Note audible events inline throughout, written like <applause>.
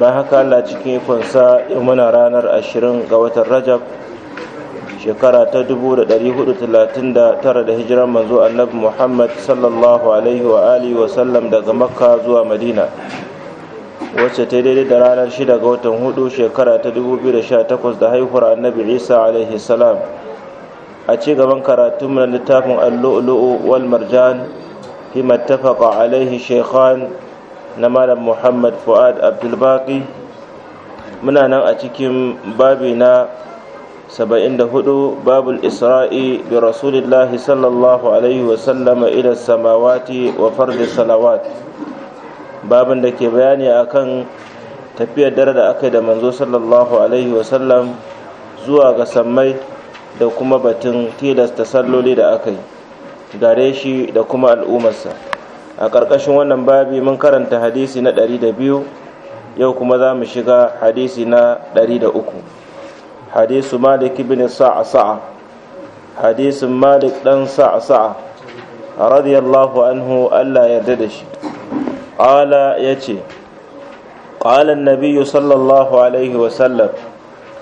ba haka Allah cikin ikonsa yau muna ranar 20 ga watan Rajab shekara ta 439 da hijiran manzo annabi Muhammad sallallahu alaihi wa alihi wa sallam daga Makka zuwa Madina wacce ta daidai da ranar 6 ga watan 4 shekara ta 2018 da haihuwar annabi Isa alaihi salam a ci gaban karatun na littafin Al-Lu'lu'u wal Marjan fi mattafaqa alaihi shaykhan na malam muhammad fu'ad abdulbaki muna nan a cikin babi na 74 babul isra'i bi rasulillahi sallallahu alaihi wasallama ila samawati wa fardi salawat babin da ke bayani akan tafiyar dare da aka yi da manzo sallallahu alaihi wasallam zuwa ga sammai da kuma batun tilasta salloli da aka yi gare shi da kuma al'ummarsa a ƙarƙashin wannan babi mun karanta hadisi na ɗari da biyu yau kuma za mu shiga hadisi na ɗari da uku hadisu malik ibn sa'a sa'a Hadisu malik ɗan sa'a sa'a radiyallahu anhu allah yarda da shi ƙala ya ce ƙalan nabiyu sallallahu alaihi wasallam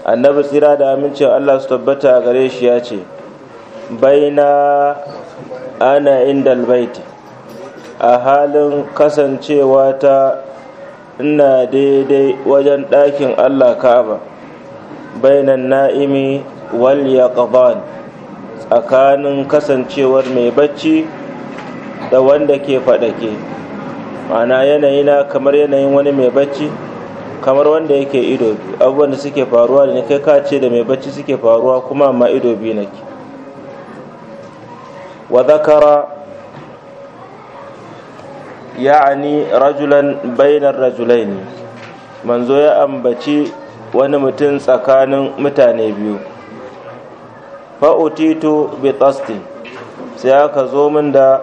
annabi tsira da amincin allah su tabbata a gare shi ya ce baina ana inda albaiti a halin kasancewa ta ina daidai wajen ɗakin Allah Ka'aba bainan na'imi wal yaqban tsakanin kasancewar mai bacci da wanda ke faɗake ma'ana yanayina kamar yanayin wani mai bacci kamar wanda yake ido biyu abubuwan da suke faruwa da kai ka ce da mai bacci suke faruwa kuma ma ido biyu nake wa zakara ya'ani rajulan bainar rajulaini manzo ya ambaci wani mutum tsakanin mutane biyu fa'utito bitastin sai aka zo min da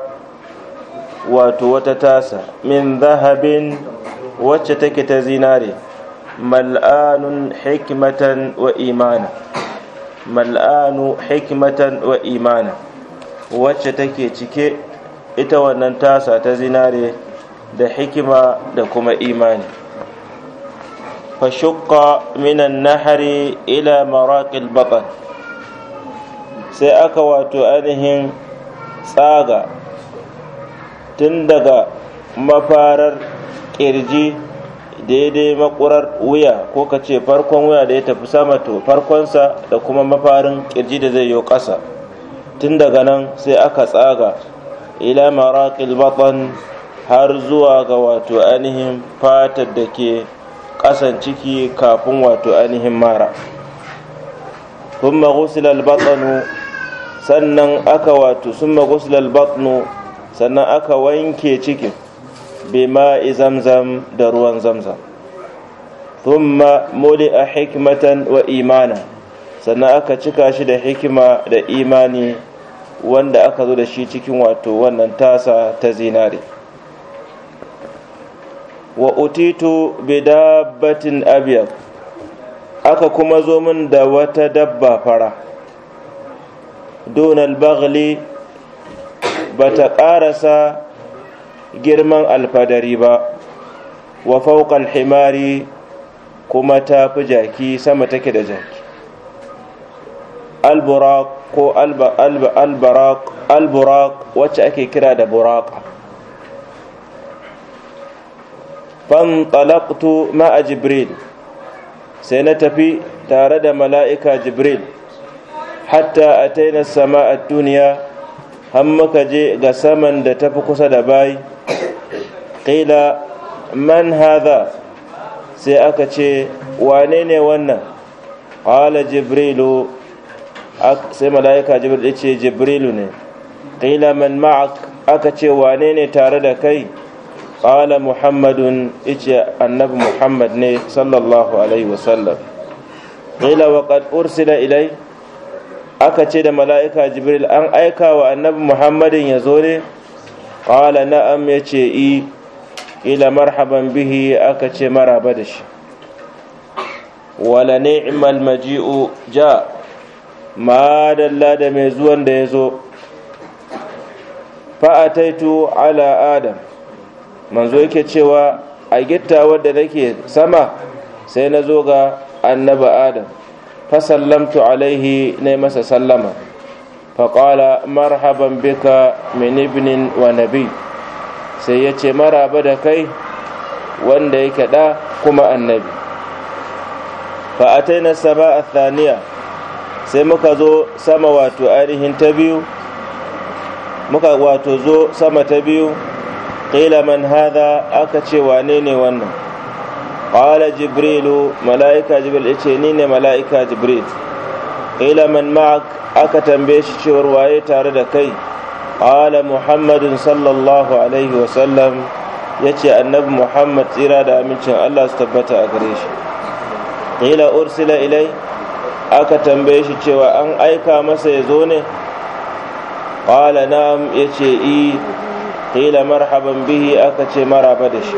wato wata tasa min zahabin wacce take ta zinare mal'anun hikmatan wa imana mal'anu hikmatan wa imana wacce take cike ita wannan tasa ta zinare da hikima da kuma imani fashukka minan nahari ila maraƙil baƙar sai aka wato ainihin tsaga tun daga mafarar ƙirji daidai makurar wuya ko kace farkon wuya da ya tafi sama to farkonsa da kuma mafarin ƙirji da zai yi ƙasa tun daga nan sai aka tsaga ila maraƙil baƙar har zuwa ga wato ainihin fatar da ke ƙasan ciki kafin wato ainihin mara sun maghusila albatsanu sannan aka wato sun maghusila albatsanu sannan aka wanke cikin bima zamzam da ruwan zamzam thumma muli a hikmatan wa imana sannan aka cika shi da hikima da imani wanda aka zo da shi cikin wato wannan tasa ta zinare wa utitu dabbatin abyad aka kuma zo min da wata dabba fara donal bagli ba ta ƙarasa girman alfadari ba wa fauƙal himari kuma ta fi jaki sama take da jaki alburak ko albarak alburak wacce ake kira da buraka Fan ma ma'a jibril sai na tafi tare da mala'ika jibril hatta sama sama'a duniya har muka je ga saman da tafi kusa da bayi Ƙila man hadha sai aka ce wane ne wannan qala jibrilu sai mala'ika jibril ce jibrilu ne Ƙila man ma'ak aka ce wane ne tare da kai ƙala muhammadun ice annabi muhammad ne sallallahu alaihi wasallam ƙila wa qad ursila ilai aka ce da mala'ika jibril an aika wa annabi muhammadin ya zo ne ƙala na'am ya ce i marhaban bihi aka ce maraba da shi wala ni'mal maji'u ja ma dalla da mai zuwan da ya zo fa'ataitu ala adam manzo yake cewa a gittawar da nake sama sai na zo ga annaba adam fasallamtu alaihi na masa sallama faƙala marhaban bika min ibnin wa nabi sai ya ce maraba da kai wanda yake ɗa kuma annabi fa'atai na ba a thaniya sai muka zo sama wato ainihin ta biyu muka wato zo sama ta biyu qila man hadha aka ce wane ne wannan qala jibrilu malaika jibril ce ni ne malaika jibril qila man ma'ak aka tambaye shi cewar waye tare da kai qala muhammadun sallallahu alaihi wa sallam yace annabi muhammad tsira da amincin Allah su tabbata a gare shi qila ursila ilai aka tambaye shi cewa an aika masa ya zo ne qala na'am yace i eh. qila marhaban bihi aka ce maraba da shi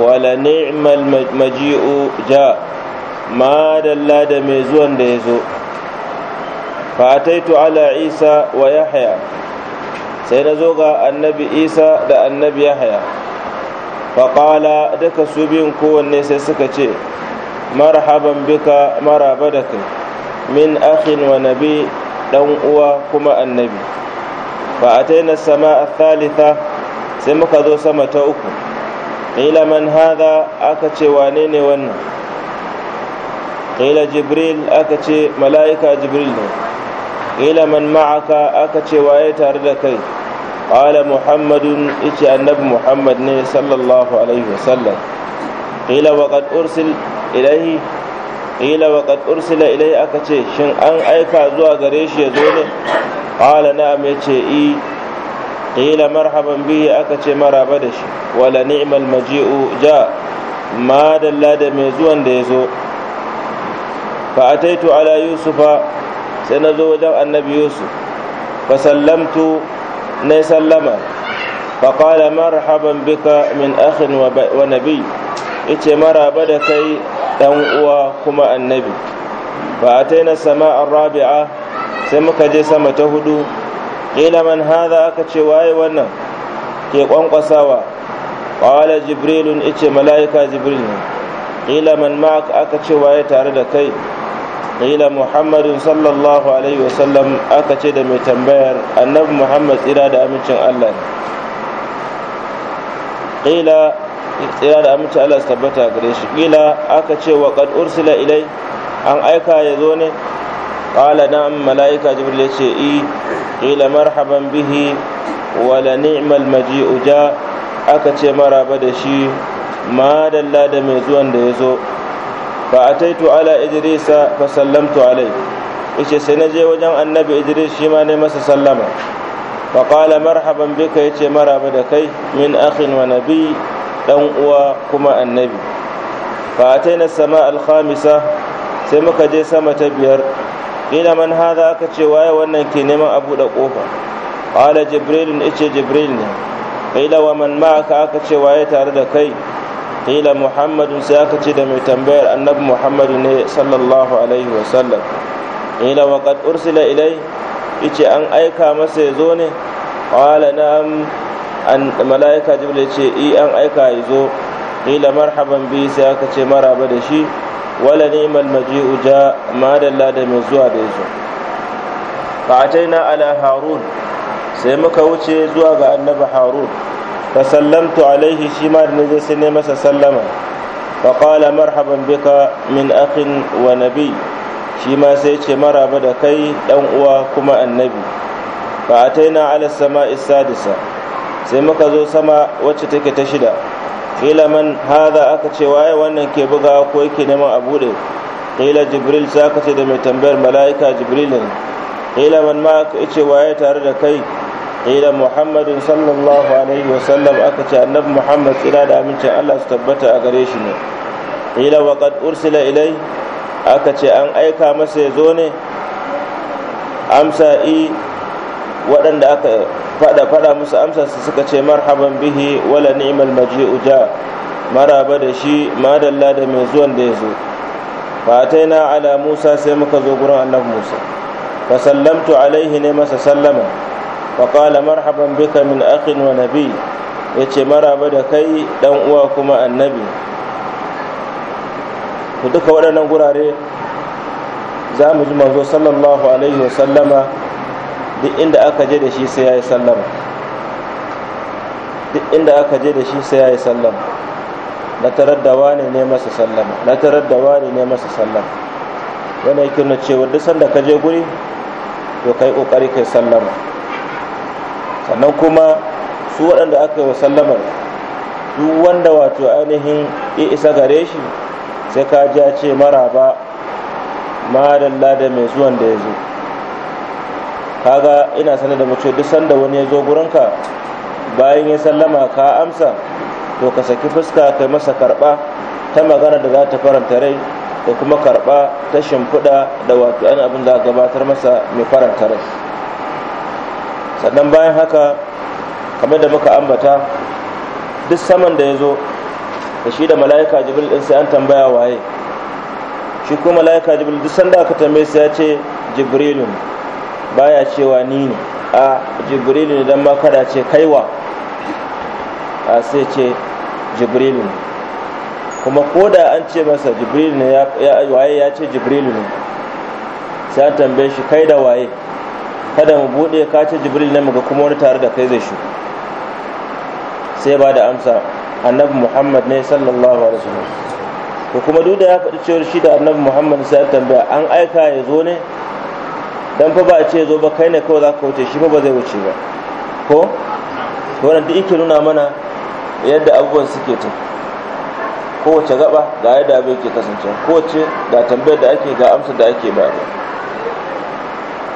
wala ni'mal maji'u ja ma dalla da mai zuwan da ya zo fa ataitu ala isa wa yahya sai na zo ga annabi isa da annabi yahya fa qala duka su biyun kowanne sai suka ce marhaban bika maraba da kai min akhin wa nabi dan uwa kuma annabi fa ataina as-sama'a ath-thalitha sai muka zo sama ta uku qila man hadha aka ce wane ne wannan qila jibril aka ce mala'ika jibril ne qila man ma'aka aka ce waye tare da kai qala muhammadun ice annabi muhammad ne sallallahu alaihi wasallam qila wa qad ursil ilayhi qila wa qad ursila ilayhi aka ce shin an aika zuwa gare shi ya zo ne qala na'am yace i qila marhaban bihi aka ce maraba da shi wala ni'mal maji'u ja ma dalla da mai zuwan da ya zo fa ataitu ala yusufa sai na zo wajen annabi yusuf fa sallamtu na sallama fa qala marhaban bika min akhin wa nabi yace maraba da kai dan uwa kuma annabi ba a taina sama'ar rabi'a sai muka je sama ta hudu ƙila man haza aka ce waye wannan ke kwankwasawa ƙwala jibrilun ice mala'ika jibril ne ƙila man ma'ak aka ce waye tare da kai ƙila muhammadin sallallahu alaihi wasallam aka ce da mai tambayar annabi muhammad tsira da amincin allah ne ƙila tsira da aminci Allah su tabbata gare shi kila aka ce wa qad ursila ilai an aika ya zo ne qala na'am malaika jibril ce i kila marhaban bihi wa la ni'mal maji'u ja aka ce maraba da shi ma dalla da mai zuwan da ya zo fa ataitu ala idrisa fa sallamtu alai yace sai na je wajen annabi idris shi ma ne masa sallama fa qala marhaban bika yace maraba da kai min akhin wa nabi dan uwa kuma annabi fa ataina sama al-khamisa sai muka je sama ta biyar ila man hadha aka ce waye wannan ke neman abu da kofa qala jibril ice jibril ne ila wa man ma'aka aka ce waye tare da kai ila muhammadun sai aka ce da mai tambayar annabi muhammadu ne sallallahu alaihi wa sallam ila wa qad ursila ilai ice an aika masa ya zo ne qala na'am an mala'ika jibril ce i an aika ya zo qila marhaban bi sai aka ce maraba da shi wala ni'mal maji'u ja madalla da mai zuwa da yazo fa ataina ala harun sai muka wuce zuwa ga annabi harun fa sallamtu alaihi shi ma da naje sai ne masa sallama fa qala marhaban bika min akhin wa nabi shi ma sai ce maraba da kai dan uwa kuma annabi fa ataina ala sama'i sadisa sai muka zo sama wacce take ta shida ƙila man haza aka ce waye wannan ke buga ko yake neman a buɗe ƙila jibril sai aka ce da mai tambayar mala'ika jibril ne ƙila man ma aka ce waye tare da kai ƙila muhammadin sallallahu alaihi wa sallam. aka ce annabi muhammad tsira da amincin allah su tabbata a gare shi ne ƙila wa qad ursila ilai aka ce an aika masa ya zo ne amsa i waɗanda aka faɗa fada musu amsar su suka ce marhaban bihi wala ni'mal maji'u ja maraba da shi madalla da mai zuwan da ya zo fataina ala musa sai muka zo gurin annabi musa fa sallamtu alaihi ne masa sallama fa qala marhaban bika min akhin wa nabi yace maraba da kai dan uwa kuma annabi duka waɗannan gurare za mu ji manzo sallallahu alaihi wa sallama duk inda aka je da shi sai ya yi sallama duk inda aka je da shi sai ya yi sallama na tarar da wane ne masa sallama na tarar da wane ne masa sallama wani yake nuna cewa duk sanda ka je guri to kai kokari kai sallama sannan kuma su waɗanda aka yi wa sallamar duk wanda wato ainihin ya isa gare shi sai ka ji ce maraba ma da mai zuwan da ya zo kaga ina sanar da mace duk sanda wani ya zo gurinka bayan ya sallama ka amsa to ka saki fuska kai masa karba ta magana da za ta faranta rai da kuma karba ta shimfiɗa da wato an abin da gabatar masa mai faranta rai sannan bayan haka kamar da muka ambata duk saman da ya zo da shi da mala'ika jibril din sai an tambaya waye shi ko mala'ika jibril duk sanda aka tambaye sai ya ce jibrilun baya cewa ni ne a jibrilu ne dan ma kada ce kaiwa a sai ce jibrilu ne kuma ko da an ce masa jibrilu ne waye ya ce jibrilu ne sai an tambaye shi kai da waye kada mu bude ka ce jibril ne muga kuma wani tare da kai zai shi sai ba da amsa annabi muhammad ne sallallahu alaihi wasallam Ko kuma duk da ya faɗi cewar shi da annabi muhammad sai an tambaya an aika ya zo ne dan fa ba a ce zo ba kai ne kawai za ka wuce shi ba ba zai wuce ba ko wannan duk yake nuna mana yadda abubuwan suke ta kowace gaba ga yadda abin ke kasancewa kowace ga tambayar da ake ga amsar da ake ba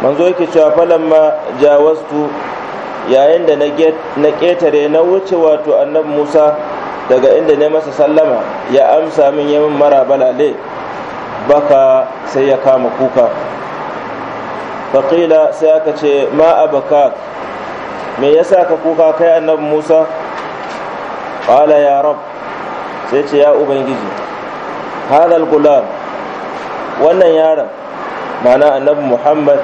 manzo yake cewa falamma jawastu yayin da na ƙetare na wuce wato annabi musa daga inda ne masa sallama ya amsa min yamin mara baka sai ya kama kuka faƙila sai aka ce ma abaka me yasa ka kuka kai annabi musa Ƙwala ya rab sai ce ya ubangiji hadal gulam wannan yaron mana annabi muhammad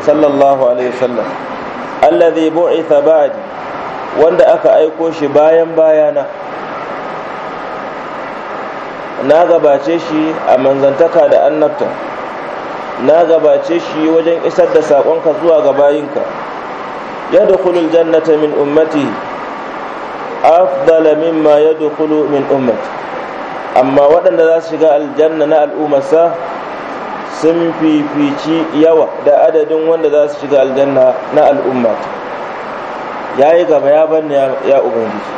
sallallahu alaihi wasallam allazi bu'itha ba'di wanda aka aiko shi bayan bayana na gabace shi a manzantaka da annabta na gabace shi wajen isar da saƙonka zuwa ga bayinka ya dukulul jannata min ummati afdala mimma ya dukulu min ummati amma waɗanda za su shiga aljanna na al'ummarsa sun fifici yawa da adadin wanda za su shiga aljanna na al'ummata ya yi gaba ya banne ya ubangiji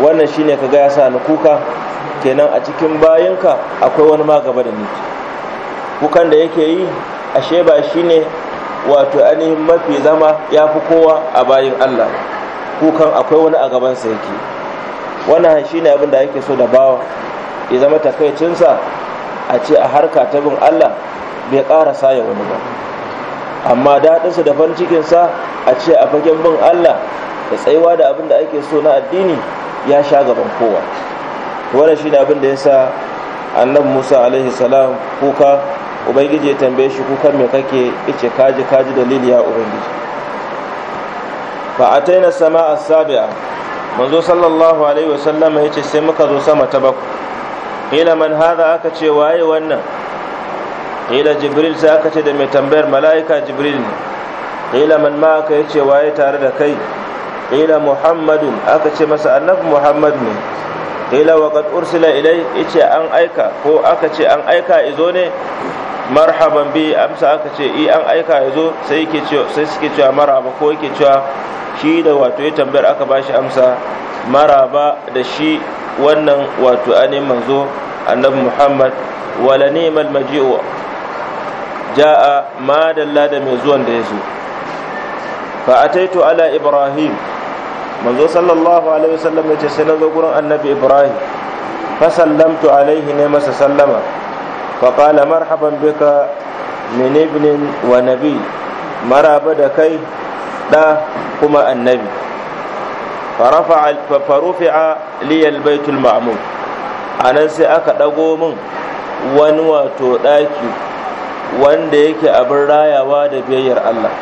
wannan shine ka ya sa ni kuka kenan a cikin bayinka akwai wani ma gaba da ni kukan da yake yi ashe ba ne wato ainihin mafi zama ya fi kowa a bayan Allah kukan akwai wani a gabansa yake wannan ne abin da yake so da bawa ya zama takaicinsa a ce a harka ta bin Allah bai ƙara saya wani ba amma daɗinsa da farin cikinsa a ce a fagen bin Allah da tsayuwa da abin da ake so na addini ya sha gaban kowa wannan ne abin da ya sa annabi musa alaihi kuka ubangiji ya tambaye shi kukan me kake ice kaji kaji dalili ya ubangiji fa ataina sama'a sabi'a manzo sallallahu alaihi wasallam yace sai muka zo sama ta baku. ila man hada aka ce waye wannan ila jibril sai aka ce da mai tambayar mala'ika jibril ne ila man ma aka yace waye tare da kai ila muhammadun aka ce masa annabi muhammad ne ila waqad ursila ilai yace an aika ko aka ce an aika izo ne marhaban bi amsa aka ce i an aika ya zo sai yake cewa sai suke cewa maraba ko yake cewa shi da wato ya tambayar aka bashi amsa maraba da shi wannan wato anin manzo annabi Muhammad wala ni'mal maji'u ja'a ma dalla da mai zuwan da ya zo fa ataitu ala ibrahim manzo sallallahu alaihi wasallam ya ce sai na zo gurin annabi ibrahim fa sallamtu alaihi ne masa sallama faƙala marhaban bika min ibnin wa nabi maraba da kai ɗa kuma annabi farufi'a liyal baitul ma'mur a nan sai aka ɗago min wani wato ɗaki wanda yake abin rayawa da biyayyar Allah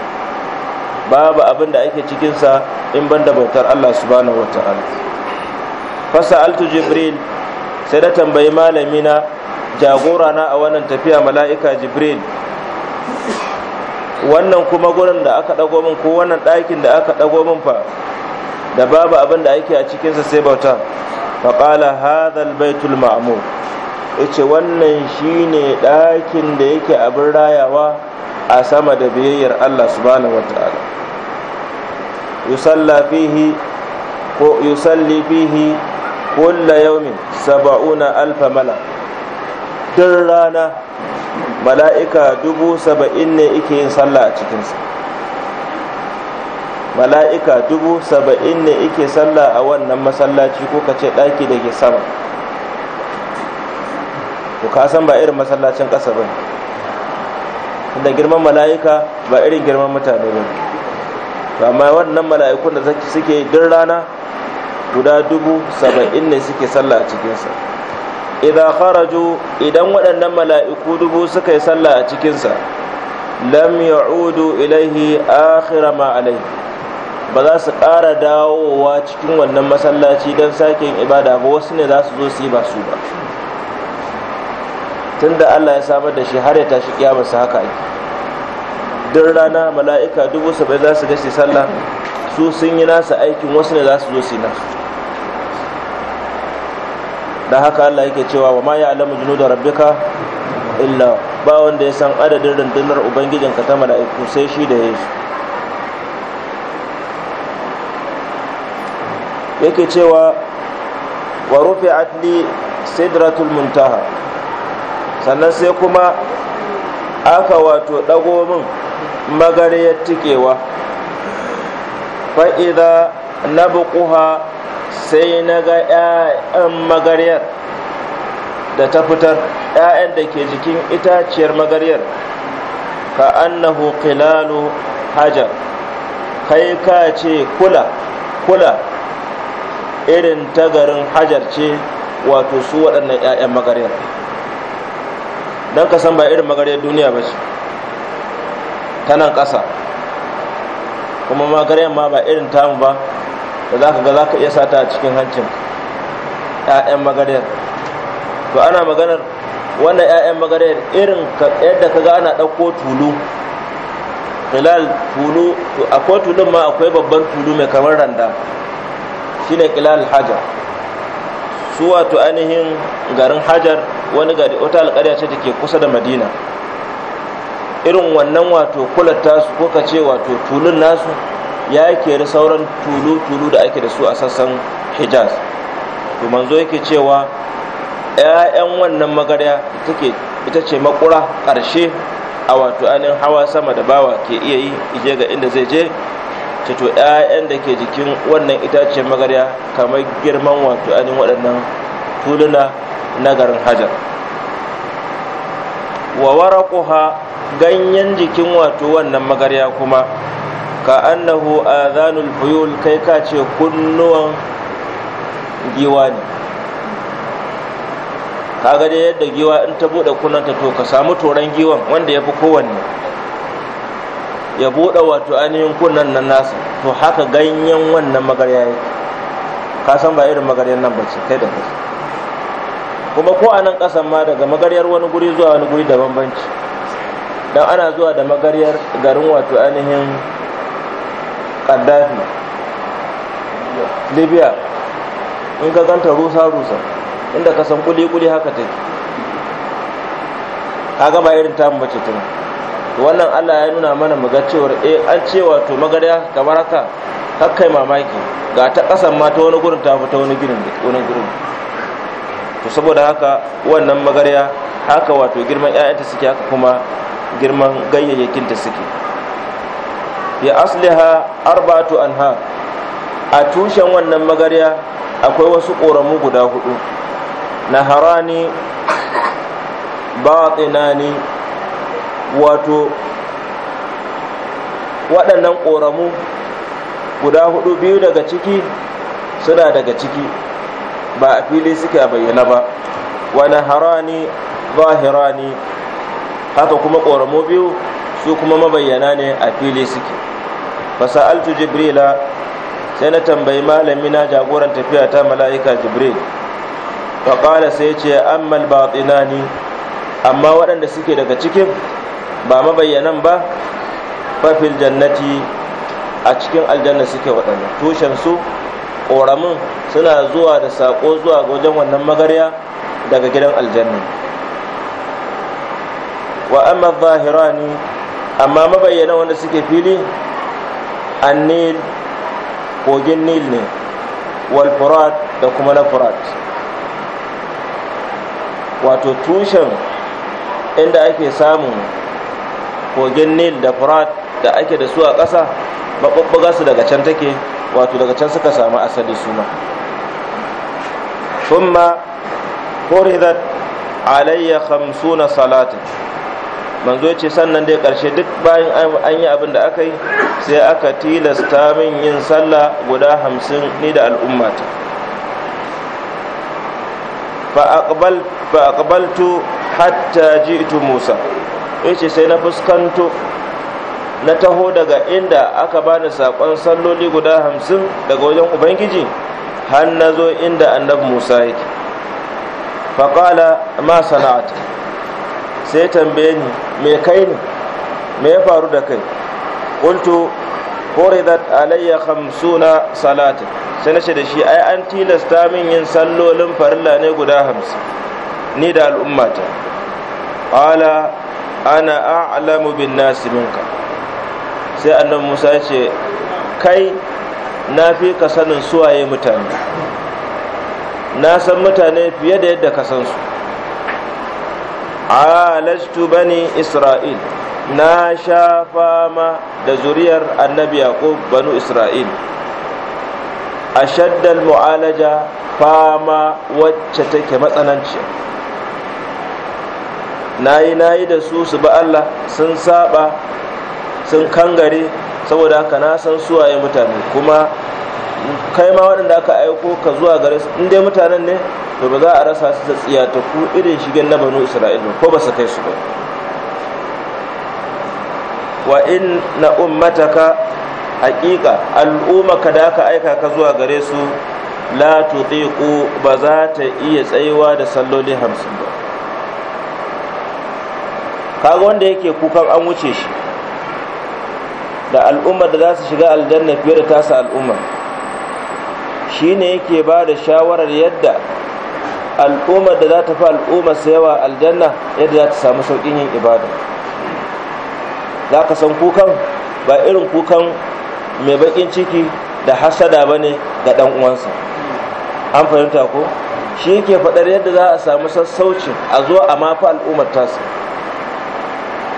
babu abin da ake cikinsa in banda bautar Allah subhanahu wa ta'ala fasa altu jibril sai da tambayi malamina jagora na a wannan tafiya mala'ika jibril wannan kuma gurin da aka dago min ko wannan ɗakin da aka dago min fa da babu abin da ake a cikinsa sai bauta faƙala hadhal baitul ma'mur yace wannan shine ɗakin da yake abin rayawa a sama da biyayyar Allah subhanahu wataala yusalla fihi ko yusalli fihi kullu yawmin sab'una alf duk rana mala'ika dubu saba'in ne ike yin sallah a cikinsa mala'ika dubu saba'in ne ike sallah a wannan masallaci ko ka ce ɗaki da ke sama to ka san ba irin masallacin ƙasa ba inda girman mala'ika ba irin girman mutane ba amma wannan mala'ikun da suke duk rana guda dubu saba'in ne suke sallah a cikinsa Idan kharaju idan waɗannan mala'iku dubu suka yi sallah a cikinsa lam udu ilaihi a ma alaihi ba za su ƙara dawowa cikin wannan masallaci don sake ibada ba wasu ne za su zo su yi ba su ba tunda Allah ya samar da shi har ya tashi kiyamarsa haka ake duk rana mala'ika dubu sabai za su gashi sallah su sun yi nasa aikin wasu ne za su zo su yi nasu da haka Allah yake cewa wa ma ya'lamu junuda rabbika illa ba wanda ya san adadin rundunar ubangijinka ta mala'iku sai shi da yesu yake cewa wa rufi'at li sidratul muntaha sannan sai kuma aka wato dago min magariyar tikewa fa idza nabquha sai na ga 'ya'yan magaryar da ta fitar 'ya'yan da ke jikin itaciyar magaryar ka annahu qilalu hajar kai ka ce kula kula irin ta hajar ce wato su waɗannan 'ya'yan magaryar don ka san ba irin magaryar duniya ba ce ta nan ƙasa kuma magaryar ma ba irin tamu ba da za ka ga za ka iya sata a cikin hancin ‘ya'yan magariyar to ana maganar wannan ‘ya'yan magariyar irin yadda ka ga ana ɗauko tulu Ƙilal tulu akwai tulun ma akwai babban tulu mai kamar randa Shi ne ƙilal hajar su wato ainihin garin hajar wani gari wata alƙarya ce da ke kusa da madina irin wannan wato kulatta su ko ka ce wato tulun nasu ya keri sauran tulu-tulu da ake da su a sassan hijaz to manzo yake cewa 'ya'yan wannan magarya ita ce makura ƙarshe a wato ainihin hawa sama da bawa ke iya yi ije ga inda zai je to 'ya'yan da ke jikin wannan itace magarya kamar girman wato ainihin waɗannan tuluna na garin hajar wa waraquha ganyen jikin wato wannan magarya kuma ka annahu adhanul fuyul kai ka ce kunnuwan giwa ne kaga dai yadda giwa in ta bude kunanta to ka samu toran giwan wanda ya fi kowanne ya bude wato ainihin kunnan nan nasa to haka ganyen wannan magarya yake ka san ba irin magaryar nan ba ce, kai da kai kuma ko a nan kasan ma daga magaryar wani guri zuwa wani guri da bambanci dan ana zuwa da magaryar garin wato ainihin ƙaddafi libya in ka ganta rusa-rusa inda ka san kuli-kuli haka take ka gaba irin tamu bace tun wannan allah ya nuna mana muga cewar eh an ce wato magariya kamar haka hakkai mamaki ga ta ƙasan ma ta wani gurin ta fi ta wani ginin da wani gurin to saboda haka wannan magariya haka wato girman 'ya'yanta suke haka kuma girman ganyayyakin ta suke fi asliha arba'atu anha a tushen wannan magarya akwai wasu ƙoramu guda hudu naharani batinani wato waɗannan ƙoramu guda hudu biyu daga ciki suna daga ciki ba a fili suke a bayyana ba wani harani zahirani haka kuma ƙoramu biyu su kuma mabayyana ne a fili suke fasa'altu jibrila sai na tambayi malami na jagoran tafiya ta mala'ika jibril faƙala sai ce ammal batinani amma waɗanda suke daga cikin ba mabayyanan ba fil jannati a cikin aljanna suke waɗanda tushensu ƙoramin suna zuwa da sako zuwa ga wajen wannan magarya daga gidan aljanna wa amma zahirani amma mabayyana wanda suke fili annil kogin nil ne wal furat da kuma na furat wato tushen inda ake samun kogin nil da furat da ake da su a ƙasa maɓaɓɓaga su daga can take wato daga can suka samu asali suna kuma فرضت alayya خمسون salatin manzo ya ce sannan dai ƙarshe duk bayan an yi abin da aka yi sai aka tilasta min yin sallah guda hamsin ni da al'ummata fa'aƙabaltu hatta ji'tu musa ya ce sai na fuskanto na taho daga inda aka bani saƙon salloli guda hamsin daga wajen ubangiji har na zo inda annab musa yake faƙala ma sana'ata sai tambaye ni me kai ne me ya faru da kai qultu furidat alayya khamsuna salatin sai nace da shi ai an tilasta min yin sallolin farilla ne guda 50 ni da al'ummata qala ana a'lamu bin nasi minka sai annabi Musa ya ce kai na fi ka sanin suwaye mutane na san mutane fiye da yadda ka san su alastu bani isra'il na sha fama da zuriyar annabi yaqub banu isra'il ashaddal mu'alaja fama wacce take matsananci nayi nayi da su su ba Allah sun saba sun kangare saboda haka na san suwaye mutane kuma kai ma waɗanda aka aiko ka zuwa gare su in dai mutanen ne to ba za a rasa su da tsiyataku irin shigen na banu isra'ila ko ba su kai su ba wa in na ummataka haƙiƙa al'umma ka da aka aika ka zuwa gare su la tuqiqu ba za ta iya tsayuwa da salloli hamsin ba kaga wanda yake kukan an wuce shi da al'ummar da za su shiga aljanna fiye da tasa al'ummar Shi ne yake ba da shawarar yadda al'ummar da za ta fi al'ummar yawa aljanna yadda za ta samu sauƙin yin ibada za ka san kukan ba irin kukan mai baƙin ciki da hasada ba ne ga ɗan uwansa an fahimta ko shi yake faɗar yadda za a samu sassauci a zo a mafi al'ummar tasa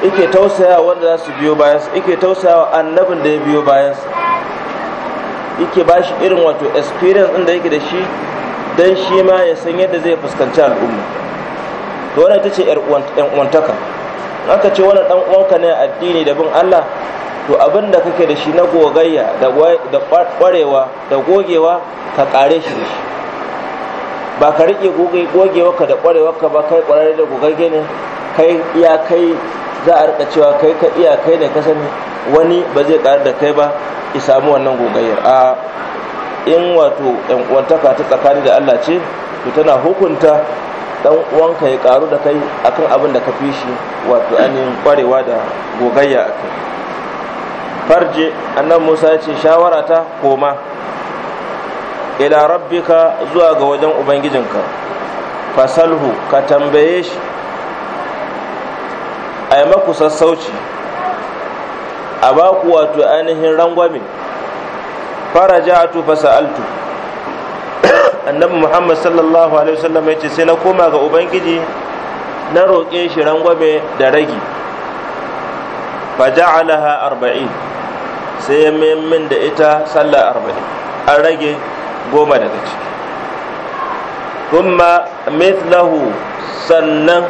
ike tausaya wanda za su biyo bayansa ike tausaya annabin da ya biyo bayansa yake ba shi irin wato experience ɗin da yake da shi don shi ma ya san yadda zai fuskanci al'umma to wannan ita ce yan uwantaka aka ce wannan dan uwanka ne addini da bin Allah to abin da kake da shi na gogayya da kwarewa da gogewa ka kare shi ba ka rike gogewa ka da kwarewa ka ba kai kwararre da gogagge ne kai iya kai za a rika cewa kai ka iya kai ne ka sani wani ba zai kare da kai ba ki samu wannan gogayyar a in wato yan uwantaka ta tsakani da Allah ce to tana hukunta dan uwanka ya karu da kai akan abin da ka fi shi wato anin kwarewa da gogayya akai farje annan Musa ya ce shawara ta koma ila rabbika zuwa ga wajen ubangijinka fasalhu ka tambaye shi a maku sassauci a baku wato ainihin rangwame faraja'atu fasa'altu annabi muhammad sallallahu alaihi wasallam ya ce sai na koma ga ubangiji na roƙe shi rangwame da ragi faja'alaha arba'in sai ya min da ita sallah arba'in an rage goma daga ciki kuma mithlahu sannan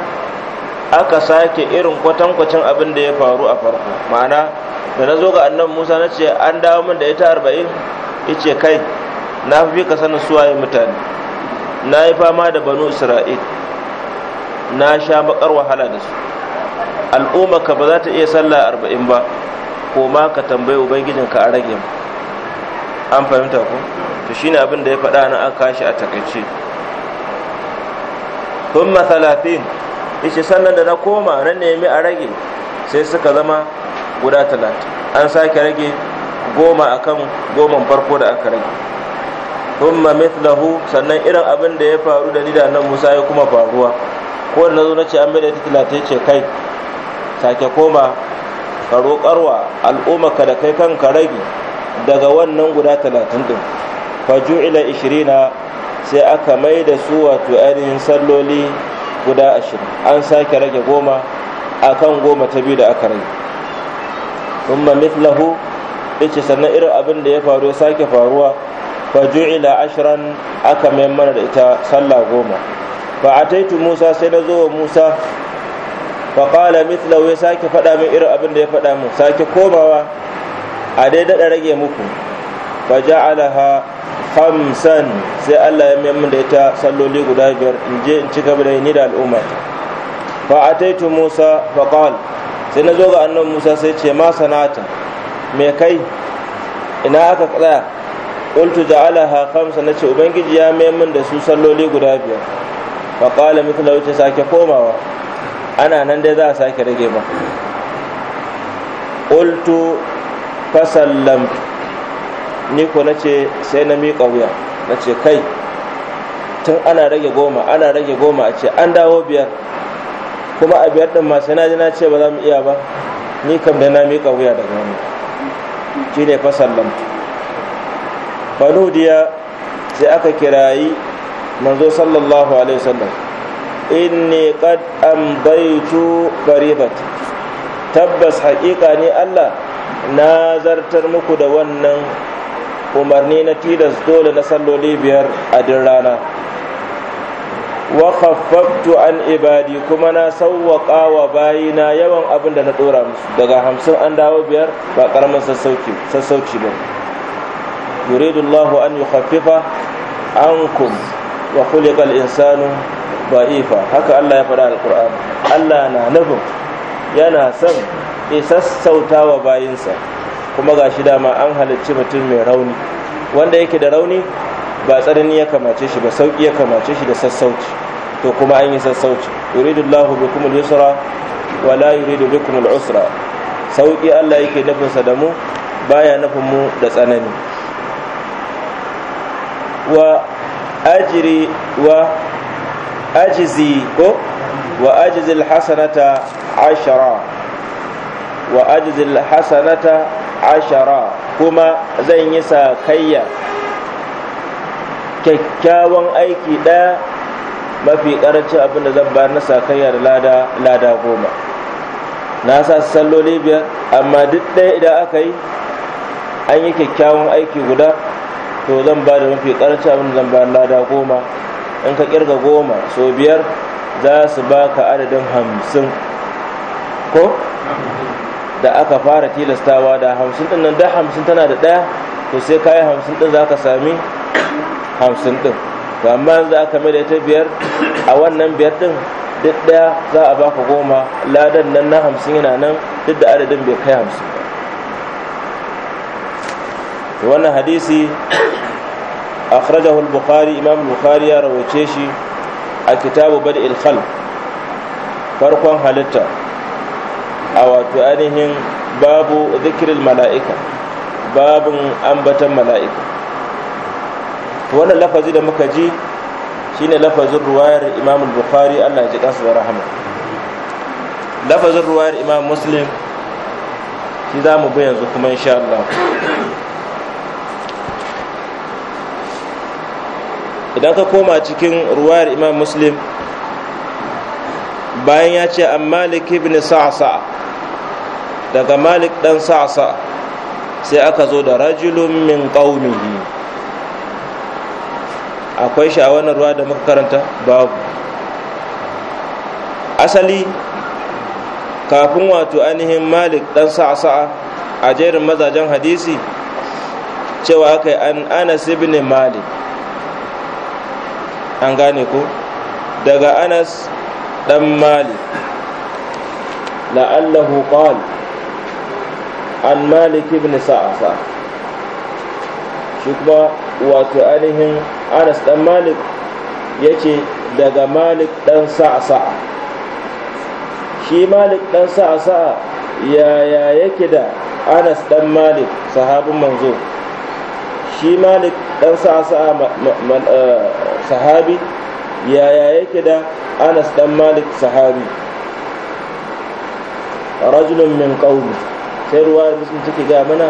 aka sake irin kwatankwacin abin da ya faru a farko ma'ana da na zo ga annan musa na ce an dawo min da ita arba'in ice kai na fi ka sanin suwaye mutane na yi fama da banu isra'il na sha bakar wahala da su al'umma ka ba za ta iya sallah arba'in ba ko ma ka tambayi ubangijinka a rage mu an fahimta ku to shine abin da ya faɗa na an kashi a takaice thumma 30 yace sannan da na koma na nemi a rage sai suka zama guda talatin an sake rage goma akan goman farko da aka rage thumma mithlahu sannan irin abin da ya faru da nida nan Musa ya kuma faruwa ko da zo na ce an bada da ta ce kai sake koma ka roƙarwa al'umma ka da kai kan ka rage daga wannan guda talatin din faju'ila ishirina sai aka mai da su wato ainihin salloli guda ashirin an sake rage goma akan goma ta biyu da aka rage thumma mithlahu yace sannan irin abin da ya faru ya sake faruwa fa ju'ila ashran aka mai mana da ita sallah goma fa ataitu musa sai na zo wa musa fa qala mithlahu ya sake faɗa min irin abin da ya faɗa min sake komawa a dai daɗa rage muku fa ja'alaha khamsan sai Allah ya mayar da ita salloli guda biyar in je in ci gaba da ni da al'umma fa ataitu Musa fa sai na zo ga annabi musa sai ce ma sanata me kai ina aka tsaya qultu ja'alaha na ce. ubangiji ya mai min da su salloli guda biyar fa qala mithla wuce sake komawa ana nan dai za a sake rage ba ƙultu fa ni ko na ce sai na miƙa wuya Na ce kai tun ana rage goma ana rage goma a ce an dawo biyar kuma a biyar ɗin masu na na ce ba za mu iya ba ni kam da na miƙa wuya daga wani shi ne fasallan fanudiya sai aka kirayi manzo sallallahu alaihi wasallam inni qad amdaitu qaribat tabbas haƙiƙa ne Allah na zartar muku da wannan umarni na tilas dole na salloli biyar a din rana wa khaffaftu an ibadi kuma na sawwaka wa bayina yawan abin da na dora musu daga hamsin an dawo biyar ba karamin sassauci sassauci ba yuridu Allah an yukhaffifa ankum wa khuliqa al-insanu da'ifa haka Allah ya faɗa al-Qur'an Allah na nufin yana son ya sassauta wa bayinsa kuma gashi dama an halarci mutum mai rauni wanda yake da rauni ba tsanani ya kamace shi ba sauki ya kamace shi da sassauci to kuma an yi sassauci yuridullahu bikum al-yusra wa la yuridu bikum al-usra sauki Allah yake nufin sa da mu baya nufin mu da tsanani wa ajri wa ajzi ko wa ajizil hasanata ashara wa al hasanata ashara kuma zan yi sakayya kyakkyawan aiki ɗaya mafi ƙarancin abin da zan bayar na sakayya da lada lada goma na sa salloli biyar amma duk ɗaya idan aka yi an yi kyakkyawan aiki guda to zan ba da mafi ƙarancin abin da zan bayar lada goma in ka ƙirga goma so biyar za su baka adadin hamsin ko da aka fara tilastawa da hamsin ɗin nan da hamsin tana da ɗaya to sai kayi hamsin ɗin za ka sami hamsin ɗin to amma yanzu aka mai da ita biyar a wannan biyar ɗin duk ɗaya za a baka goma ladan nan na hamsin yana nan duk da adadin bai kai hamsin to wannan hadisi akhrajahu al-bukhari imam al-bukhari ya rawace shi a kitabu bad'il khalq farkon halitta a wato ainihin babu zikirin mala'ika babun ambatan mala'ika wannan lafazi da muka ji shine lafazin ruwayar imamun bukhari allah ya ji kansu da rahama lafazin ruwayar imam muslim shi za mu bi yanzu kuma insha Allah idan ka koma cikin ruwayar imam muslim bayan ya ce an malik ibn sa'asa'a daga malik dan sa'sa sai aka zo da rajulun min qaumihi akwai shi ruwa da muka karanta babu asali kafin wato ainihin malik dan sa'sa a jerin mazajen hadisi cewa aka yi an anas ibn malik an gane ko daga anas dan malik la'allahu qala an malik ibn sa'asa shi kuma wato ainihin anas dan malik ya ce daga malik dan sa'asa shi malik dan sa'asa yaya yake da anas dan malik sahabin manzo shi malik dan sa'asa eh, sahabi yaya yake da anas dan malik sahabi rajulun min qaumi sai ruwa musulun take ga mana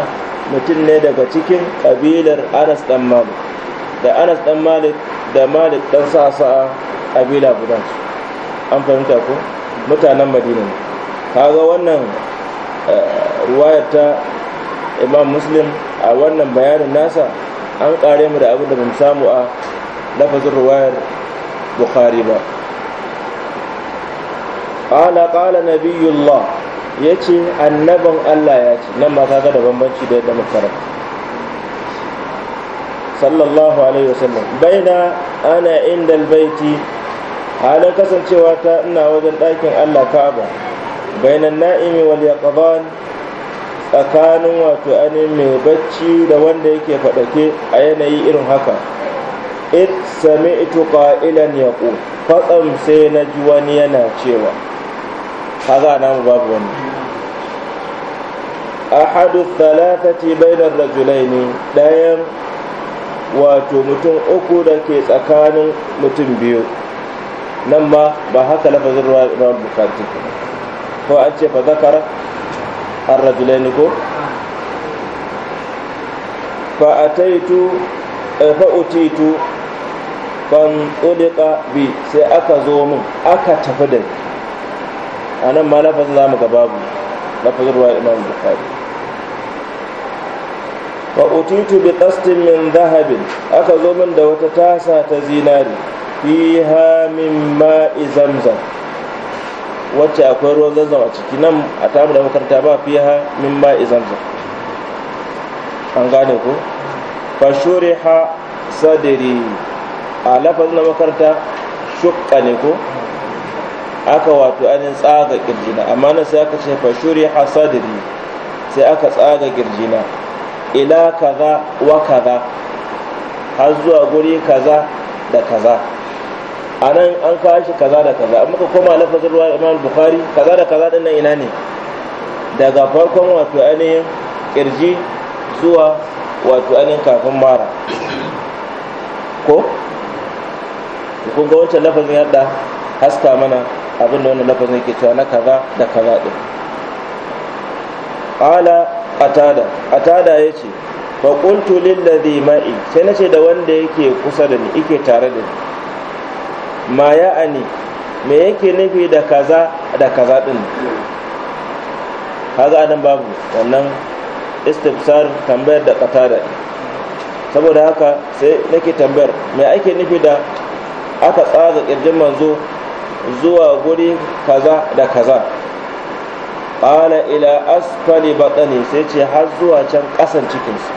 mutum ne daga cikin kabilar anas dan malik da anas dan malik da malik dan sasa kabila guda an fahimta ko mutanen madina ne kaga wannan eh, ruwayar ta imam muslim a wannan bayanin nasa an kare mu da abin da mun samu a lafazin ruwayar bukhari ba قال قال نبي الله ya ce annabin Allah ya ce nan ta kaga da bambanci da yadda muka sallallahu alaihi wasallam baina ana inda albaiti halin kasancewa ta ina wajen ɗakin Allah Ka'aba na na'imi wal yaqdan tsakanin wato anin mai bacci da wanda yake faɗake a yanayi irin haka it sami ƙa'ilan ya ƙo fatsam sai na ji wani yana cewa na namu babu wani ahadu thalathati bainar rajulaini ɗayan wato mutum uku da ke tsakanin mutum biyu nan ma ba haka lafazin ruwan bukati ko an ce fa zakara an rajulaini ko fa ataitu fa utitu ban tsulika bi sai aka zo min aka tafi da a nan ma lafazin za mu ga babu lafazin ruwa imam fa utitu bi qastin min dhahabin aka zo min da wata tasa ta zinari fiha min ma'i zamzam wacce akwai ruwan zamzam a ciki nan a tamu da makaranta ba fiha min ma'i zamzam an gane ko fa shuriha sadri a lafazin na makaranta shukka ne ko aka wato anin tsaga kirjina amma nan sai aka ce fa shuriha sadri sai aka tsaga kirjina ila kaza wa kaza har zuwa guri kaza da kaza a nan an kawo shi kaza da kaza muka koma lafazin ruwa imam bukhari kaza da kaza din nan ina ne daga farkon wato ainihin kirji zuwa wato ainihin kafin mara ko kun ga wancan lafazin yadda haska mana abin da wannan lafazin ke cewa na kaza da kaza din atada atada yace fa qultu lil ladhi ma'i sai nace da wanda yake kusa da ni yake tare da ni ma ya'ani me yake nufi da kaza da kaza din kaga nan babu wannan istifsar tambayar da qatada saboda haka sai nake tambayar me ake nufi da aka tsaga kirjin manzo zuwa guri kaza da kaza ƙala ila asfali batani sai ce har zuwa can ƙasan cikinsu.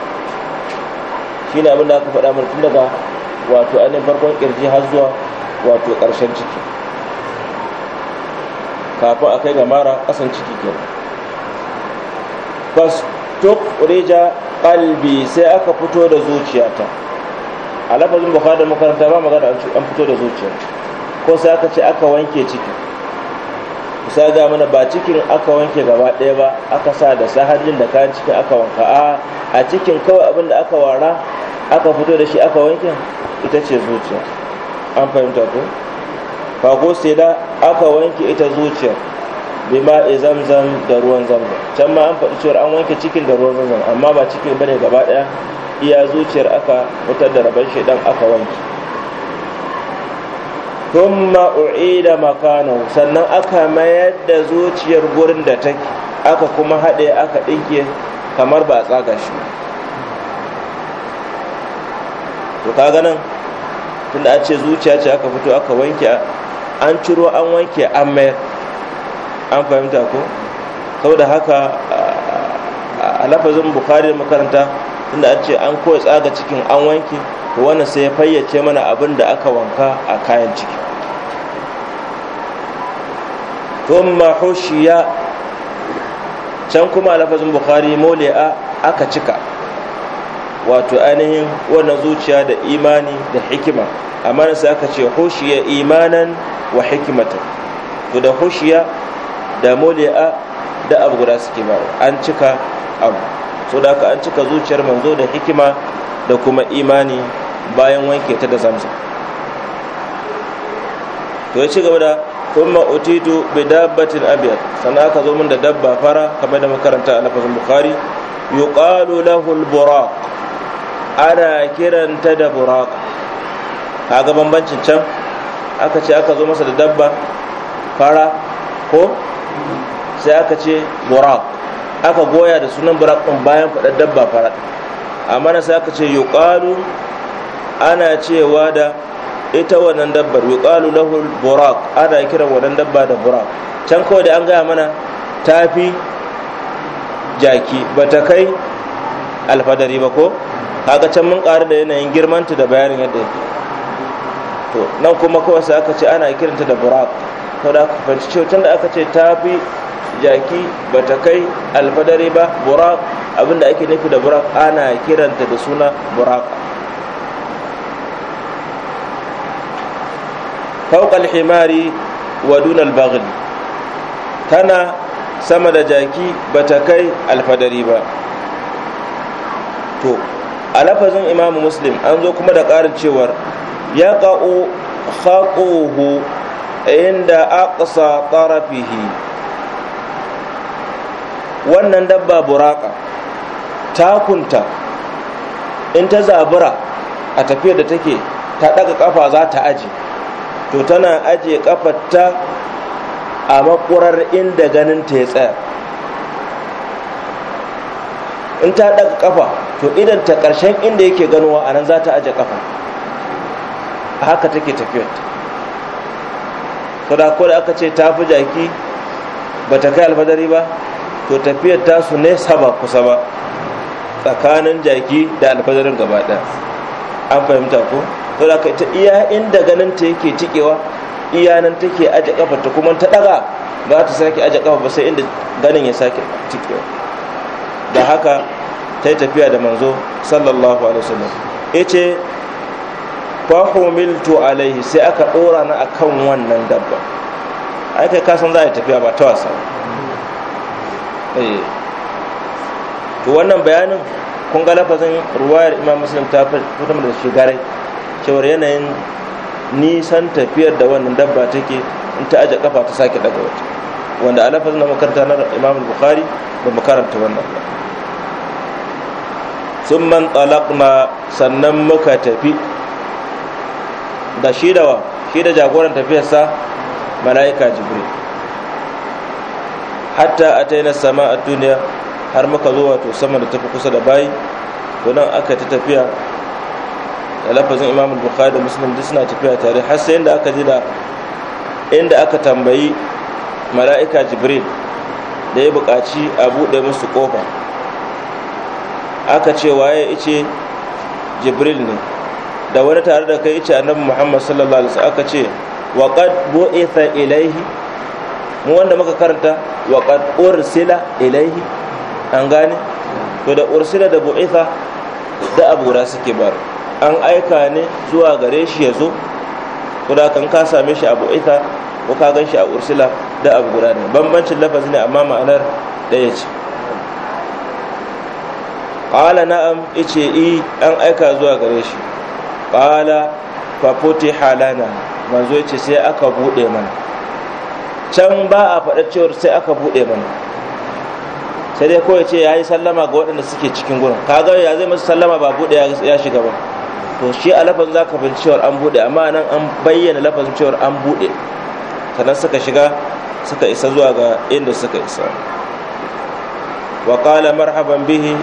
Shi abin da aka faɗa mai tun daga wato ainihin farkon ƙirji har zuwa wato ƙarshen ciki kafin a kai ga mara ƙasan ciki ke fastok rija ƙalbi sai aka fito da zuciyata a lafazin da makaranta ba magana an fito da zuciya ko sai aka ce aka wanke ciki kusa ga mana ba cikin aka wanke gaba ɗaya ba aka sa da har da kayan cikin aka wanka a a cikin kawai abin da aka wara aka fito da shi aka wanke ita ce zuciya an fahimta ko ko sai da aka wanke ita zuciyar bima e zamzam da ruwan zamzam can ma an faɗi cewar an wanke cikin da ruwan zamzam amma ba cikin bane gaba ɗaya iya zuciyar aka fitar da rabar shaidan aka wanke thumma u'ida makanahu sannan aka mayar da zuciyar gurin da take aka kuma haɗe aka ɗinke kamar ba tsaga shi to kaga nan tunda a ce zuciya ce aka fito aka wanke an ciro an wanke an mayar an fahimta ko saboda haka a lafazin bukari makaranta tunda an ce an kawai tsaga cikin an wanke wannan sai ya fayyace mana abin da aka wanka a kayan ciki thumma ya. can kuma lafazin Mole a aka cika wato ainihin wannan zuciya da imani da hikima amma nasu aka ce hushiya imanan wa hikimata to da hushiya da a da abu guda suke ba an cika abu so da aka an cika zuciyar manzo da hikima da kuma imani bayan wanke ta da zamzam to ya ci gaba da kuma utitu bi dabbatin abiyar sannan aka zo min da dabba fara kamar da makaranta a lafazin bukhari yuqalu lahu al-buraq ana kiranta da buraq kaga bambancin can aka ce aka zo masa da dabba fara ko sai aka ce buraq aka goya da sunan buraq din bayan faɗar dabba fara a marasa aka ce yuqalu ana cewa da ita wannan dabbar yuqalu lahu buraq ana kiran wannan dabba da buraq can kawai da an gaya mana tafi jaki bata kai alfadari ba ko kaga can mun ƙara da yanayin girmanta da bayanin yadda yake to nan kuma kawai sai aka ce ana kiranta da buraq to da aka fahimci cewa tun da aka ce tafi jaki bata kai alfadari ba buraq abinda ake nufi da burak ana kiranta da suna buraka fauƙal himari wa dunal bagil tana sama da jaki bata kai alfadari ba to a lafazin imamu muslim an zo kuma da ƙarin cewar ya ƙa'o haƙohu inda aqsa ƙarafihi wannan dabba buraka takunta in ta zabura a tafiyar da take ta daga kafa za ta aji to tana aje kafarta a makurar inda ganin ta ya tsaya in ta daga kafa to idan ta karshen inda yake ganuwa a nan za ta aje kafa a haka take tafiyar to da aka ce ta fi jaki ba ta kai alfadari ba to tafiyar tasu ne saba kusa ba tsakanin jaki da alfajarin gaba ɗaya an fahimta ko to da ta iya inda ganin ta yake cikewa iya nan take aje kafa ta kuma ta daga ba ta sake aje kafa ba sai inda ganin ya sake cikewa da haka ta yi tafiya da manzo sallallahu alaihi wasallam ya ce fahimiltu alaihi sai aka ɗora na akan wannan dabba ai kai kasan za a yi tafiya ba ta wasa eh to wannan bayanin kun ga lafazin ruwayar imam muslim ta fito da shi gare cewar yanayin nisan tafiyar da wannan dabba take in ta aje kafa ta sake daga wata wanda a lafazin na makaranta na imam bukhari ba mu karanta wannan ba sun man tsalakuna sannan muka tafi da shi da wa shi da jagoran tafiyarsa mala'ika jibril hatta a ta yi na sama a duniya har muka zo wato sama da tafi kusa da bayi to nan aka ta tafiya da lafazin imam bukhari da muslim duk suna tafiya tare har sai inda aka ji da inda aka tambayi mala'ika jibril da ya buƙaci a buɗe musu ƙofa aka ce waye ice jibril ne da wani tare da kai ice annabi muhammad sallallahu alaihi aka ce wa qad bu'itha ilaihi mu wanda muka karanta wa qad ursila ilaihi an gane to da ursila da bu'itha da abura suke bar an aika ne zuwa gare shi yazo ko da kan ka same shi a bu'itha ko ka gan shi a ursila da abu guda ne bambancin lafazi ne amma ma'anar daya ce qala na'am ice i an aika zuwa gare shi fa fafote halana manzo yace ce sai aka bude mana can ba a faɗa cewa sai aka bude mana sai dai kawai ya ce ya yi sallama ga waɗanda suke cikin gurin kaga ya zai masu sallama ba buɗe ya shiga ba to shi a lafazin za ka bin cewar an buɗe amma nan an bayyana lafazin cewar an buɗe sannan suka shiga suka isa zuwa ga inda suka isa wa qala marhaban bihi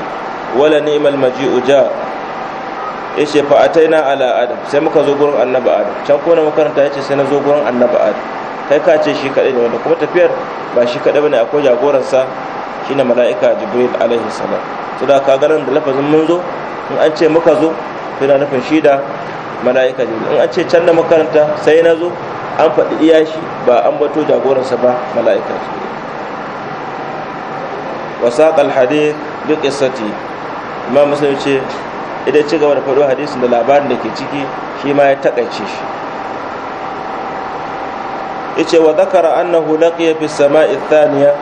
wala ni'mal maji'u ja yace fa ataina ala adam sai muka zo gurin annabi adam can ko na makaranta yace sai na zo gurin annabi adam kai ka ce shi kadai ne wanda kuma tafiyar ba shi kadai bane akwai jagoransa shine mala'ika jibril alaihi salam to da ka ganin da lafazin mun zo in an ce muka zo yana nufin shi da mala'ika jibril in an ce can da makaranta sai na zo an faɗi iya shi ba an bato jagoransa ba mala'ika jibril wasaƙa hadith bi qissati imam muslim ce idan ci gaba da faɗo hadisin da labarin da ke ciki shi ma ya takaice shi yace wa dhakara annahu laqiya fi samai thaniya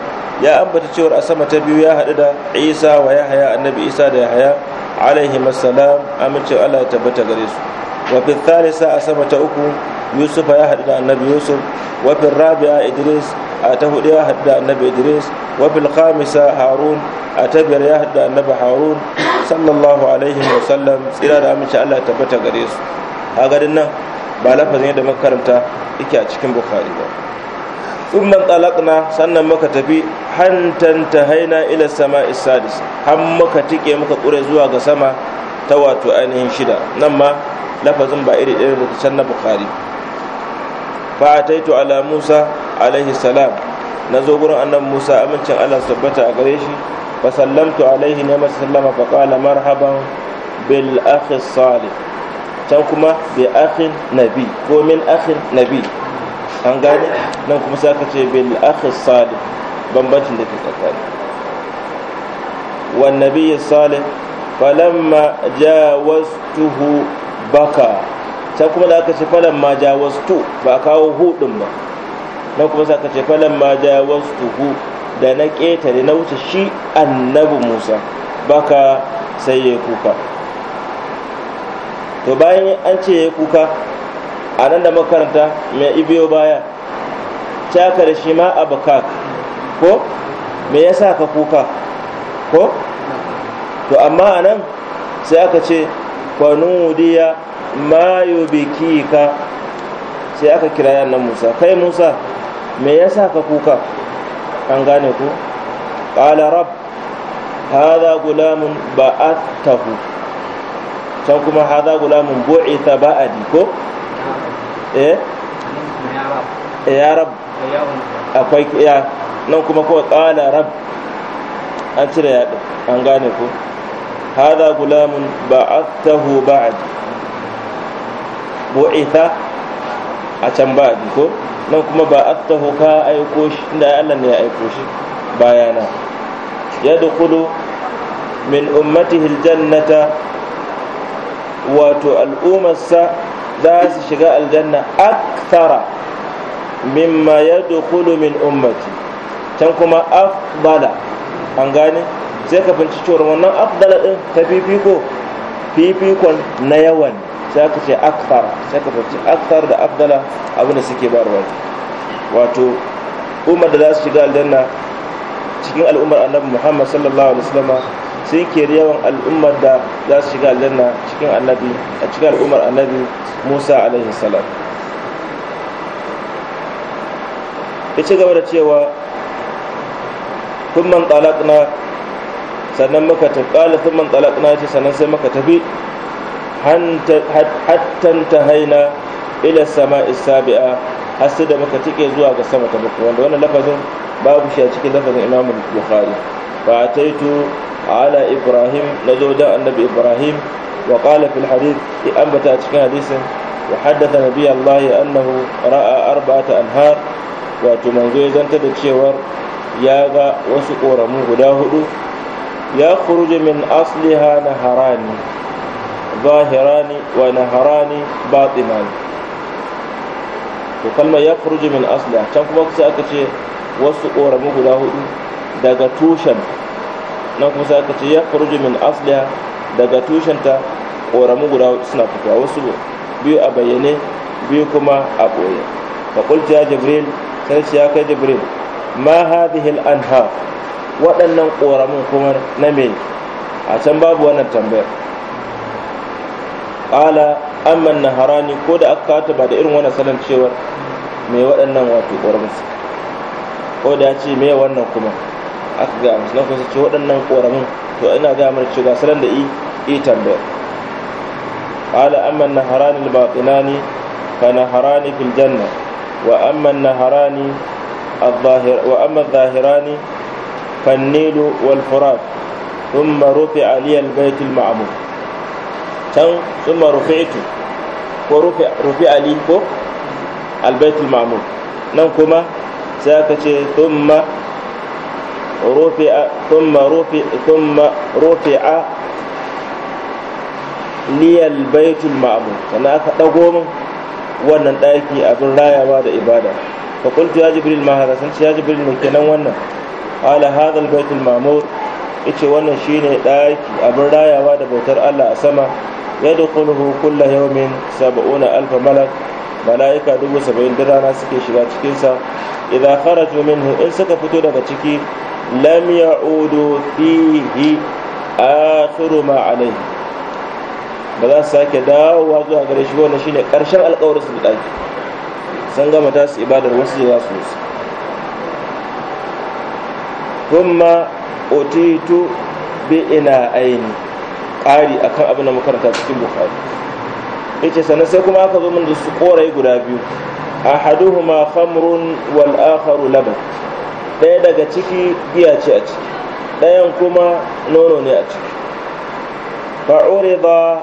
ya ambata cewar a sama ta biyu ya haɗu da isa wa haya annabi isa da haya alaihi masalam amince allah ya tabbata gare su wa fi thalisa a sama ta uku yusuf ya haɗu da annabi yusuf wa fi rabi'a idris a ta hudu ya haɗu da annabi idris wa fi khamisa harun a ta biyar ya haɗu da annabi harun sallallahu alaihi wa sallam tsira da Amince allah ya tabbata gare su a garin nan ba lafazin yadda muka karanta yake a cikin bukhari ba tsumman talakna sannan muka tafi hantan ta haina ila sama isadis har muka tike muka kure zuwa ga sama ta wato ainihin shida nan ma lafazin ba iri ɗaya da can na bukari fa ataitu ala musa alaihi salam na zo gurin annabi musa amincin allah su tabbata a gare shi fa sallamtu alaihi ne masa sallama fa qala marhaban bil akhi salih can kuma bi akhin nabi ko min akhin nabi an gane nan kuma sai ka ce bil akhi salih bambancin da ke tsakani wa nabiyyi salih falamma jawastuhu baka ta kuma da aka ce falamma jawastu ba kawo hudun ba nan kuma sai ka ce falamma jawastuhu da na ƙetare na wuce shi annabi musa baka sai ya kuka to bayan an ce ya kuka a nan da makaranta mai ibiyo baya caka da shi ma baka? ko me yasa ka kuka ko to amma a nan sai aka ce kwanudiya mayu ka sai aka kira nan musa kai musa me yasa ka kuka an gane ku qala rab hadha gulamun ba'athahu can kuma hadha gulamun bu'itha ba'adi ko Eh? eh ya rab akwai ya nan kuma kawai ƙala rab an cire ya an gane ku hada gulamun ba'athahu ba'd bu'itha a can ba'd ko nan kuma ba'athahu ka aiko shi inda Allah ne ya aiko shi bayana yadkhulu min ummatihi aljannata wato al'ummarsa za su shiga aljanna aktara mimma yadkhulu min ummati can kuma afdala an gane sai ka finci cewar wannan afdala din ta fifiko fifikon na yawan sai ka ce akthar sai ka finci akthar da afdala abinda suke bayarwa wato umar da za su shiga aljanna cikin al'ummar annabi muhammad sallallahu alaihi wasallama sai ke yawan al'ummar da za su shiga aljanna cikin annabi a cikin al'ummar annabi musa alaihi salam ya ci gaba da cewa thumman talaqna sannan muka tafi qala thumman ya ce sannan sai muka tafi hattan haina ila sama sabi'a har sai da muka tike zuwa ga sama ta bakwai wanda wannan lafazin babu shi a cikin lafazin imamu bukhari fa ataitu ala ibrahim nazo da annabi ibrahim wa qala fil ya ambata a cikin hadisin wa haddatha nabi allah annahu ra'a arba'ata anhar wato manzo ya zanta da cewar ya ga wasu koramu guda hudu ya khuruju min asliha naharani zahirani wa naharani batinani to kalmar ya furuji min asla can kuma sai aka ce wasu ƙoramu guda hudu daga tushen na kuma sa ce ya faruji min asliha daga tushenta ƙoramu guda suna fita wasu biyu a bayyane biyu kuma a ɓoye da ya jibril sai ce ya kai jibril ma hadhihi al-anha waɗannan ƙoramun kuma na me a can babu wannan tambayar ƙala amman naharani ko da aka kata ba da irin wannan salon cewar mai waɗannan wato ƙoramun ko da ya ce me wannan kuma aka ga musulun kun ce waɗannan ƙoramin to ina ga mana cewa salan da i tambaya ala amma an-naharani al-batinani fa naharani fil janna wa amma an-naharani adh-dhahir wa amma wal dhahirani فالنيل والفرات ثم رفع لي البيت المعمور can ثم رفعت ورفع رفع لي البيت المعمور nan kuma sai aka ce thumma رفع ثم رفع ثم رفع لي البيت sannan aka dago min wannan daki abin rayawa da ibada fa qultu ya jibril ma hada wannan ala hada albayt almamur yace wannan shine daki abin rayawa da bautar Allah a sama yadkhuluhu kullu yawmin 70000 malak mala'ika dubu saba'in da rana suke shiga cikinsa idan kharaju minhu in suka fito daga ciki lam ya'udu fihi akhiru ma alayhi ba za su sake dawowa zuwa gare shi wannan shine karshen alƙawarin su da daki san gama ta su ibadar wasu za su musu kuma otitu bi ina aini ƙari akan abin da makaranta cikin bukhari yace sannan sai kuma aka zo min da su korai guda biyu ahaduhuma khamrun wal akharu laban ɗaya daga ciki giya ce a ciki ɗayan kuma nono ne a ciki urida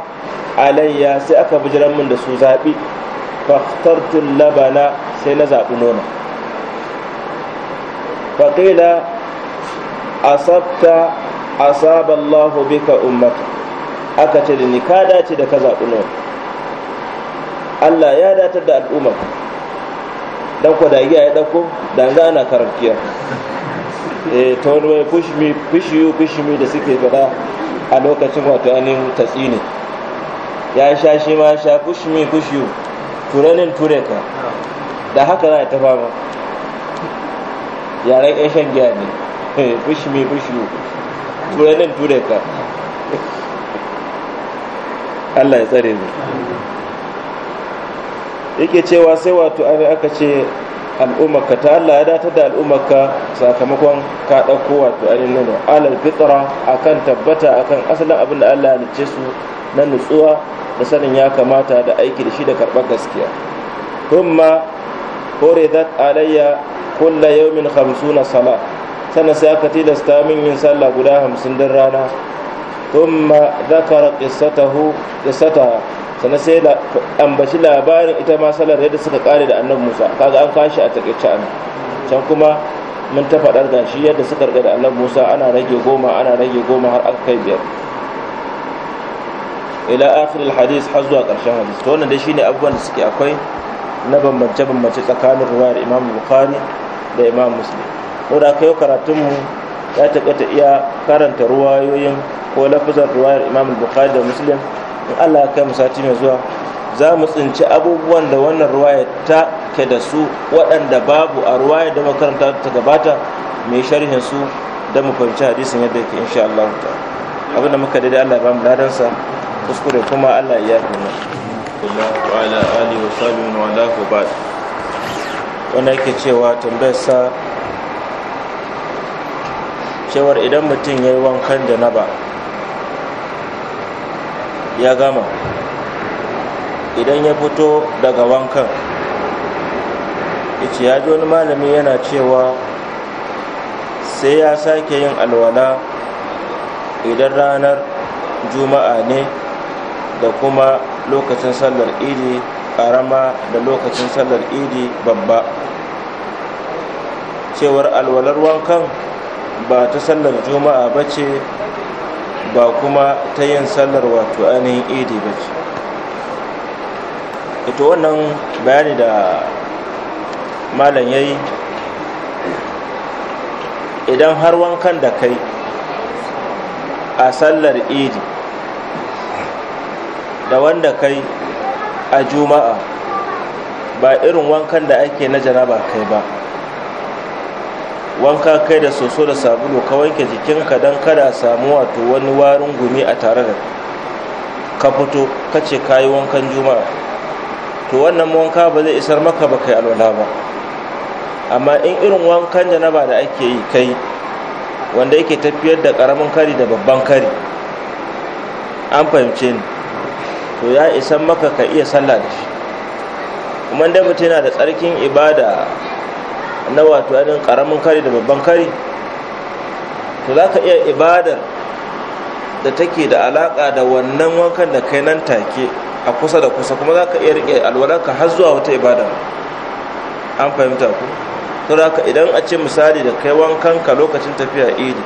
alayya sai aka bijiran min da su zaɓi fahtartun labana sai na zaɓi nono qila asabta asaballahu bika ummata aka ce ni ka dace da ka zaɓi nono Allah ya datar da al'umma dan ko dagiya ya dauko danga ana karantiya eh ta wani mai push me push you push me da suke fada a lokacin wato anin tatsini ya sha shi ma sha push me push you turenin ture ka da haka za a ta fama yaren yan shan giya ne eh, push me push you turenin ture ka <laughs> Allah ya tsare mu yake cewa sai wato an aka ce al'ummarka ta Allah ya datar da al'ummarka sakamakon ka ɗauko wato nuna. alal fitra akan tabbata akan asalin abin da Allah ya nace su na nutsuwa da sanin ya kamata da aiki da shi da karɓar gaskiya hore huridat alayya kulla yawmin 50 sala sannan sai aka tilasta min yin sallah guda hamsin din rana kuma zakara qissatahu qissataha sannan sai ambaci labarin ita ma salar yadda suka kare da annabi musa kaga an kashi a takaice an can kuma mun ta faɗar da shi yadda suka rage da annabi musa ana rage goma ana rage goma har aka kai biyar ila akhir alhadith har zuwa ƙarshen hadis to wannan dai shine abubuwan da suke akwai na bambance bambance tsakanin ruwayar imam bukhari da imam muslim ko da kai karatun mu ya taƙaita iya karanta ruwayoyin ko lafazan ruwayar imam bukhari da muslim in Allah ya kai mu sati mai zuwa za mu tsinci abubuwan da wannan ruwaya ta ke da su waɗanda babu a ruwaya da makaranta ta gabata mai sharhin su da mu fahimci hadisin yadda yake insha Allah abinda muka daidai Allah ya bamu ladansa kuskure kuma Allah ya yi mu wa wanda yake cewa tambayar sa cewar idan mutum ya yi wankan janaba ya gama idan ya fito daga wankan ice ya ji wani malami yana cewa sai ya sake yin alwala idan ranar juma'a ne da kuma lokacin sallar idi karama da lokacin sallar idi babba cewar alwalar wankan ba ta sallar juma'a ba ce ba kuma ta yin sallar wato ainihin idi ba ce ita wannan bayani da malam ya yi idan har wankan da kai a sallar idi da wanda kai a juma'a ba irin wankan da ake na jaraba kai ba wanka kai da soso da sabulu ka wanke jikinka don kada a samu wato wani warin gumi a tare da ka fito ka ce ka yi wankan juma'a to wannan wanka ba zai isar maka ba kai alwala ba amma in irin wankan da na ba da ake yi kai wanda yake tafiyar da karamin kari da babban kari an fahimce ni to ya isan maka ka iya sallah da shi kuma da mutum yana da tsarkin ibada na wato yanin karamin kari da babban kari to za ka iya ibadar da take da alaƙa da wannan wankan da kai nan take a kusa da kusa kuma za ka iya riƙe alwalarka har zuwa wata ibada an fahimta ku to ka idan a ce misali da kai wankanka lokacin tafiya idi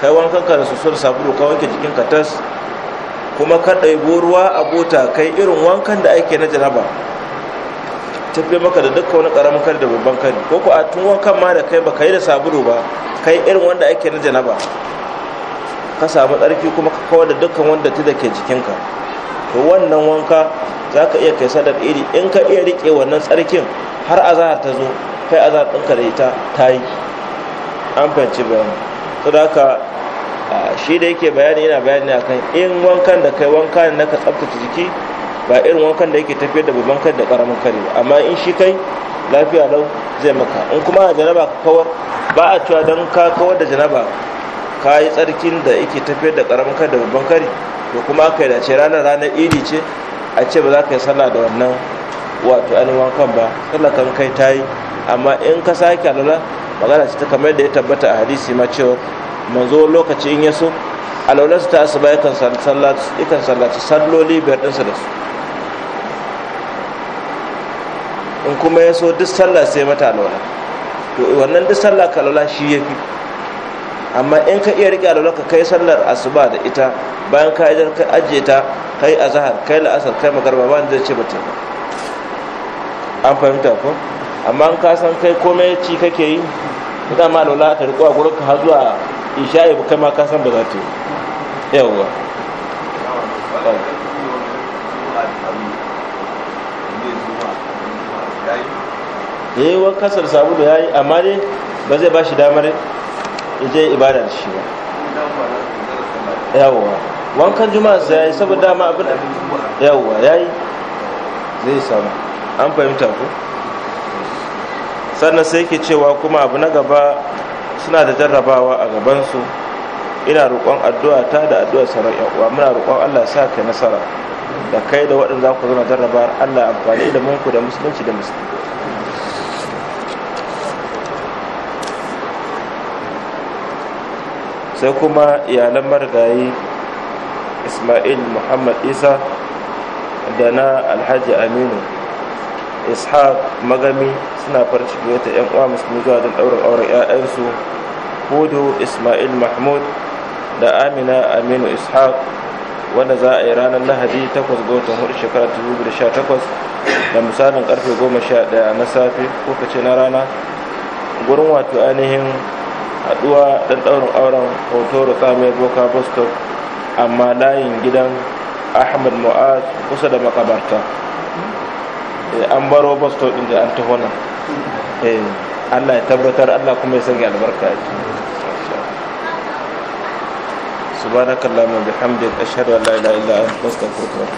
kai wankanka da susur sabulu ka wanke jikinka tas kuma ka ɗaibo ruwa a bota kai irin wankan da ake na jaraba tafi maka da dukkan wani karamin kari da babban kari ko ku a tun wankan ma da kai baka yi da sabulu ba kai irin wanda ake na janaba ka samu tsarki kuma ka kawar da dukkan wanda ta dake jikinka to wannan wanka za ka iya kai sadar iri in ka iya riƙe wannan tsarkin har azahar ta zo kai azahar ɗinka da ita ta yi an fahimci bayani to da haka shi da yake bayani yana bayani akan in wankan da kai wanka ne na ka tsaftace jiki ba irin wankan da yake tafiyar da babban kari da karamin kari ba amma in shi kai lafiya lau zai maka in kuma a janaba ka kawar ba a cewa don ka kawar da janaba ka yi tsarkin da yake tafiyar da karamin kari da babban kari da kuma aka yi dace ranar ranar idi ce a ce ba za ka yi sallah da wannan wato ainihin wankan ba sallah kan kai ta yi amma in ka sake alala magana ce ta kamar da ya tabbata a hadisi ma cewa manzo lokaci in ya so alaularsa ta asuba kan sallaci salloli biyar ɗinsa da su in kuma ya so duk sallah sai mata alwala to wannan duk sallah ka alwala shi ya fi amma in ka iya riƙe alwala ka kai sallar asuba da ita bayan ka ka ajiye ta kai azahar kai la'asar kai magarba ba zai ce mutum an fahimta ko amma in ka san kai komai ci kake yi ita ma alwala ta riƙo a gurin ka har zuwa isha'i kai ma ka san ba za ta yi yawwa ya eh, yi kasar samu da ya yi amma ne ba zai ba shi damar je ibada da shi ba yawwa wankan juma'a su ya yi saboda dama abin da yawwa ya yi zai samu an fahimta ku sannan sai ke cewa kuma abu na gaba suna da jarrabawa a gabansu ina roƙon addu'a ta da addu'ar sauran uwa muna roƙon Allah sa ka nasara da kai da waɗanda za ku zama jarrabawar Allah amfani da munku da musulunci da musulunci sai kuma iyalan marigayi ismail muhammad isa da na alhaji aminu ishaq magami suna farcike ta 'yan uwa musulmi zuwa don ɗaurin auren 'ya'yansu hudu ismail mahmud da amina aminu ishaq wanda za a yi ranar lahadi 8 ga watan hudu shekara 2018 da misalin karfe 11 na safe ko kace na rana gurin wato ainihin haduwa dan daurin auren hoto ruka mai boka boston amma layin gidan ahmad mu'az kusa da makabarta eh, an baro boston inda an taho nan eh, allah ya tabbatar allah kuma ya sanya albarka a subhanakallahumma bihamdika ashhadu an la ilaha illa anta astaghfiruka